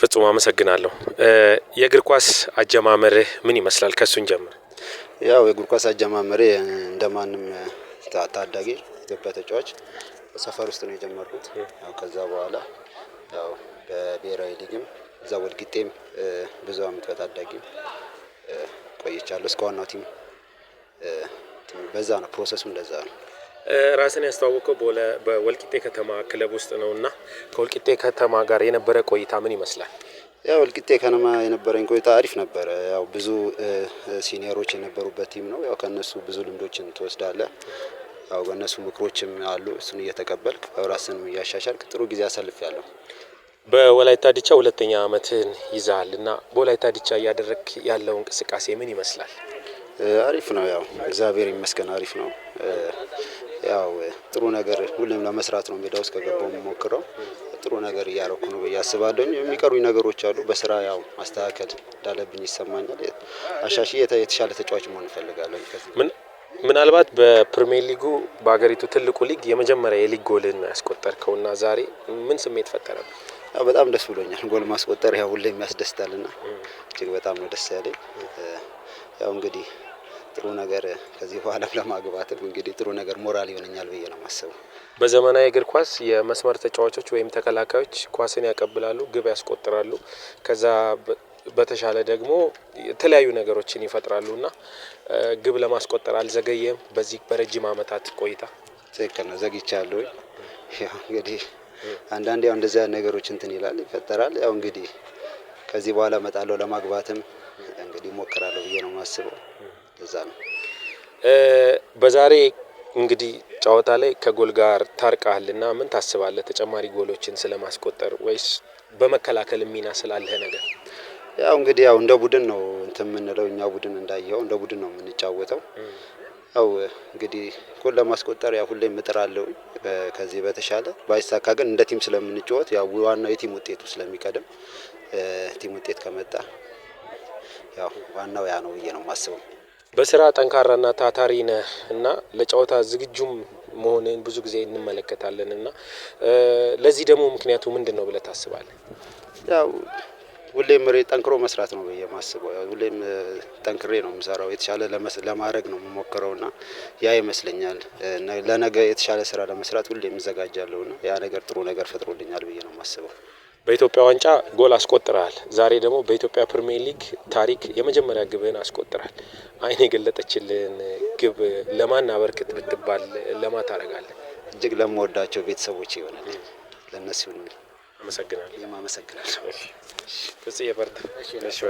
ፍጹም አመሰግናለሁ። የእግር ኳስ አጀማመርህ ምን ይመስላል? ከሱን ጀምር። ያው የእግር ኳስ አጀማመሬ እንደማንም ታዳጊ ኢትዮጵያ ተጫዋች ሰፈር ውስጥ ነው የጀመርኩት። ያው ከዛ በኋላ ያው በብሔራዊ ሊግም እዛ ወልቂጤም ብዙ አመት በታዳጊ ቆይቻለሁ እስከ ዋናው ቲም። በዛ ነው ፕሮሰሱ፣ እንደዛ ነው። ራስን ያስተዋወቀው በወልቂጤ ከተማ ክለብ ውስጥ ነው እና ከወልቂጤ ከተማ ጋር የነበረ ቆይታ ምን ይመስላል? ያው ወልቂጤ ከነማ የነበረኝ ቆይታ አሪፍ ነበረ። ያው ብዙ ሲኒየሮች የነበሩበት ቲም ነው። ያው ከነሱ ብዙ ልምዶችን ትወስዳለ። ያው ከነሱ ምክሮችም አሉ። እሱን እየተቀበልክ ራስን እያሻሻልክ ጥሩ ጊዜ አሳልፍ ያለው በወላይታ ዲቻ ሁለተኛ አመትን ይዛል እና በወላይታ ዲቻ እያደረግክ ያለው እንቅስቃሴ ምን ይመስላል? አሪፍ ነው። ያው እግዚአብሔር ይመስገን አሪፍ ነው። ያው ጥሩ ነገር ሁሌም ለመስራት ነው ሜዳ ውስጥ ከገባው የምሞክረው ጥሩ ነገር እያረኩ ነው ብዬ አስባለሁ። የሚቀሩኝ ነገሮች አሉ በስራ ያው ማስተካከል እንዳለብኝ ይሰማኛል። አሻሽ የተሻለ ተጫዋች መሆን እፈልጋለሁ። ምናልባት በፕሪሚየር ሊጉ በሀገሪቱ ትልቁ ሊግ የመጀመሪያ የሊግ ጎልን ያስቆጠርከውና ዛሬ ምን ስሜት ፈጠረብህ? በጣም ደስ ብሎኛል። ጎል ማስቆጠር ያው ሁሌም ያስደስታልና እጅግ በጣም ነው ደስ ያለኝ። ያው እንግዲህ ጥሩ ነገር ከዚህ በኋላ ለማግባትም እንግዲህ ጥሩ ነገር ሞራል ይሆነኛል ብዬ ነው ማስበው። በዘመናዊ እግር ኳስ የመስመር ተጫዋቾች ወይም ተከላካዮች ኳስን ያቀብላሉ፣ ግብ ያስቆጥራሉ። ከዛ በተሻለ ደግሞ የተለያዩ ነገሮችን ይፈጥራሉ እና ግብ ለማስቆጠር አልዘገየም። በዚህ በረጅም ዓመታት ቆይታ ትክክል ነው ዘግይቻለሁ። ያው እንግዲህ አንዳንድ ያው እንደዚያ ነገሮች እንትን ይላል ይፈጠራል። ያው እንግዲህ ከዚህ በኋላ እመጣለሁ ለማግባትም እንግዲህ እሞክራለሁ ብዬ ነው ማስበው። እዛ ነው። በዛሬ እንግዲህ ጨዋታ ላይ ከጎል ጋር ታርቃሃልና ምን ታስባለህ? ተጨማሪ ጎሎችን ስለማስቆጠር ወይስ በመከላከል ሚና ስላለህ ነገር? ያው እንግዲህ ያው እንደ ቡድን ነው እንትን የምንለው እኛ ቡድን እንዳየኸው እንደ ቡድን ነው የምንጫወተው። ያው እንግዲህ ጎል ለማስቆጠር ያው ሁሌም እጥራለሁ። ከዚህ በተሻለ ባይሳካ ግን እንደ ቲም ስለምንጫወት ያው ዋናው የቲም ውጤቱ ስለሚቀድም ቲም ውጤት ከመጣ ያው ዋናው ያ ነው ብዬ ነው የማስበው። በስራ ጠንካራና ታታሪ ነህ እና ለጨዋታ ዝግጁም መሆንን ብዙ ጊዜ እንመለከታለን እና ለዚህ ደግሞ ምክንያቱ ነው ብለህ ታስባለህ? ያው ሁሌም ጠንክሮ መስራት ነው ብዬ የማስበው ሁሌም ጠንክሬ ነው የምሰራው የተሻለ ለማድረግ ነው የምሞክረው እና ያ ይመስለኛል ለነገ የተሻለ ስራ ለመስራት ሁሌም እዘጋጃለሁ እና ያ ነገር ጥሩ ነገር ፈጥሮልኛል ብዬ ነው የማስበው በኢትዮጵያ ዋንጫ ጎል አስቆጥረሃል። ዛሬ ደግሞ በኢትዮጵያ ፕሪሚየር ሊግ ታሪክ የመጀመሪያ ግብህን አስቆጥረሃል። አይን የገለጠችልን ግብ ለማን አበርክት ብትባል ለማ ታደርጋለህ? እጅግ ለምወዳቸው ቤተሰቦች ይሆናል። ለእነሱ አመሰግናለሁ። አመሰግናለሁ። ፍጽ የበርታ